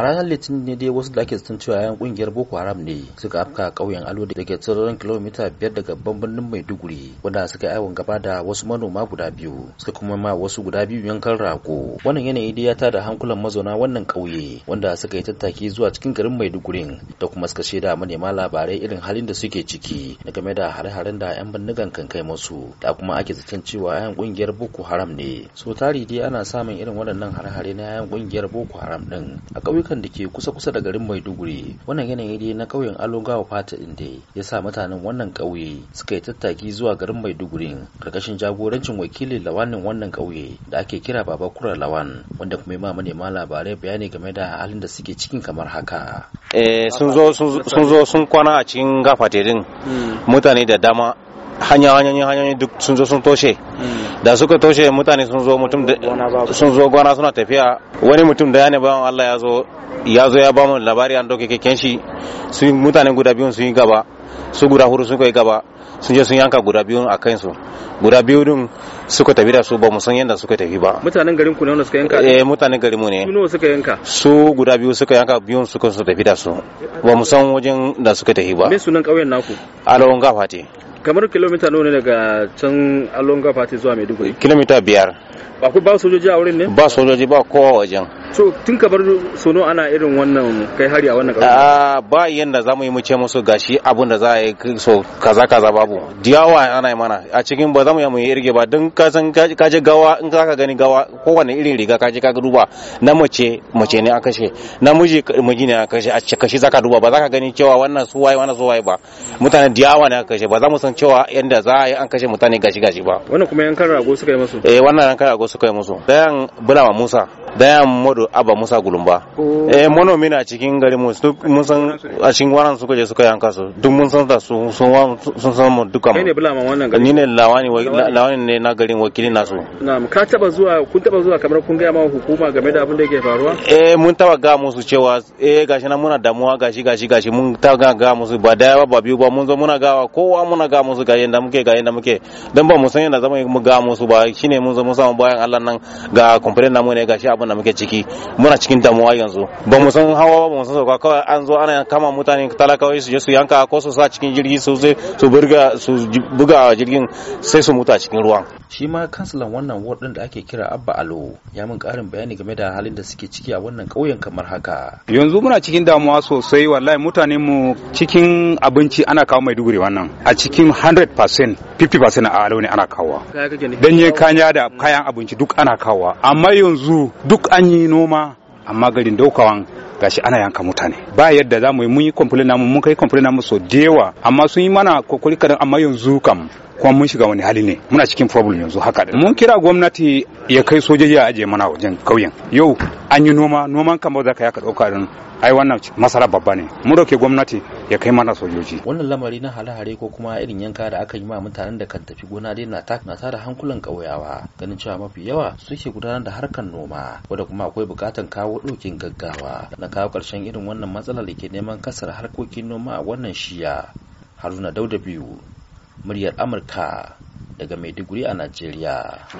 a ranar litinin ne dai wasu da ake zaton cewa yan kungiyar boko haram ne suka afka kauyen alo da ke tsirran kilomita biyar daga babban birnin maiduguri wanda suka yi awon gaba da wasu manoma guda biyu suka kuma ma wasu guda biyu yankan rago wannan yanayi dai ya tada hankulan mazauna wannan kauye wanda suka yi tattaki zuwa cikin garin maidugurin da kuma suka shaida manema labarai irin halin da suke ciki na game da hare-haren da yan bindigan kan kai musu da kuma ake zaton cewa yan kungiyar boko haram ne so tari dai ana samun irin waɗannan hare-hare na yan kungiyar boko haram din a ƙauyuka kan da ke kusa-kusa da garin Maiduguri. Wannan yanayi ne na ƙauyen Alongawa Fata inda ya sa mutanen wannan ƙauye suka yi tattaki zuwa garin Maiduguri karkashin jagorancin wakilin lawanin wannan ƙauye da ake kira Baba Kura Lawan wanda kuma ma labarai bayani game da halin da suke cikin kamar haka. Eh sun zo sun kwana a cikin gafatirin hmm. mutane da dama hanya hanyoyi hanyoyi duk sun zo sun toshe hmm. da suka toshe mutane sun zo mutum sun zo gona suna tafiya wani mutum da ya ne bayan Allah ya zo ya zo ya ba mu labari an doke keken shi su mutane guda biyun sun yi gaba su guda huru sun kai gaba sun je sun yanka guda biyun a kansu guda biyu din suka tafi da su ba mu san yadda suka tafi ba mutanen garin ku ne suka yanka eh mutanen garin mu ne su suka yanka su guda biyu suka yanka biyun suka su tafi da su ba mu san wajen da suka tafi ba me sunan kauyen naku alawon gafa kamar kilomita nawa ne daga can alonga fati zuwa maiduguri kilomita biyar ba ku ba sojoji a wurin ne ba sojoji ba kowa wajen so tun ka bar sono ana irin wannan kai hari a wannan ƙasa ah, ba yanda za mu yi mu ce musu gashi abun da za a yi so kaza kaza babu diyawa ana yi mana a cikin ba za mu yi mu irge ba don ka san ka gawa in za ka gani gawa kowane irin riga ka ka duba na mace mace ne a kashe na miji miji ne a kashe a kashi za ka duba ba za ka gani cewa wannan su waye wannan su waye ba mutane diyawa ne a kashe ba za mu san cewa yanda za a yi an kashe mutane gashi gashi ba wannan kuma yankan rago suka yi musu eh wannan yankan rago suka yi musu dayan bulama musa daya modu aba musa gulumba oh. eh mono mina cikin gari mu mun san a cikin waran suka je suka yanka su duk mun san da su sun sun san mu duka mu ne bulama wannan gari ni ne lawani lawani ne na garin wakilin nasu na'am ka taba zuwa kun taba zuwa kamar kun ga ma hukuma game da abin da yake faruwa eh mun taba ga musu cewa eh gashi nan muna damuwa gashi gashi gashi mun taba ga musu ba da ba ba biyu ba mun zo muna gawa kowa muna ga musu ga yanda muke ga yanda muke dan ba mu san yanda zama mu ga musu ba shine mun zo mun samu bayan Allah nan ga complaint namu ne gashi abin da muke ciki muna cikin damuwa yanzu ba mu san hawa ba mu san sauka kawai an zo ana kama mutane talakawa su je su yanka ko su sa cikin jirgi su su burga su buga jirgin sai su mutu a cikin ruwan shi ma kansilan wannan ward din da ake kira Abba Alo ya mun karin bayani game da halin da suke ciki a wannan kauyen kamar haka yanzu muna cikin damuwa sosai wallahi mutane mu cikin abinci ana kawo mai duguri wannan a cikin 100% 50% a alo ne ana kawo danye kanya da kayan abinci duk ana kawo amma yanzu duk an yi noma amma garin daukawan gashi ana yanka mutane ba yadda za mu yi mun yi complain namu mun kai namu so dewa amma sun yi mana kokari kadan amma yanzu kam kuma mun shiga wani hali ne muna cikin problem yanzu haka da mun kira gwamnati ya kai sojoji a aje mana wajen kauyen yau an yi noma noman kan ba za ka yaka daukarin ai wannan masara babba ne mun roke gwamnati ya kai mana sojoji wannan lamari na hare-hare ko kuma irin yanka da aka yi ma mutanen da kan tafi gona dai na ta na tara hankulan ƙauyawa ganin cewa mafi yawa suke gudanar da harkar noma wanda kuma akwai buƙatar kawo ɗokin gaggawa na kawo ƙarshen irin wannan matsalar da ke neman kasar harkokin noma a wannan shiya haruna dauda biyu muryar amurka daga maiduguri a najeriya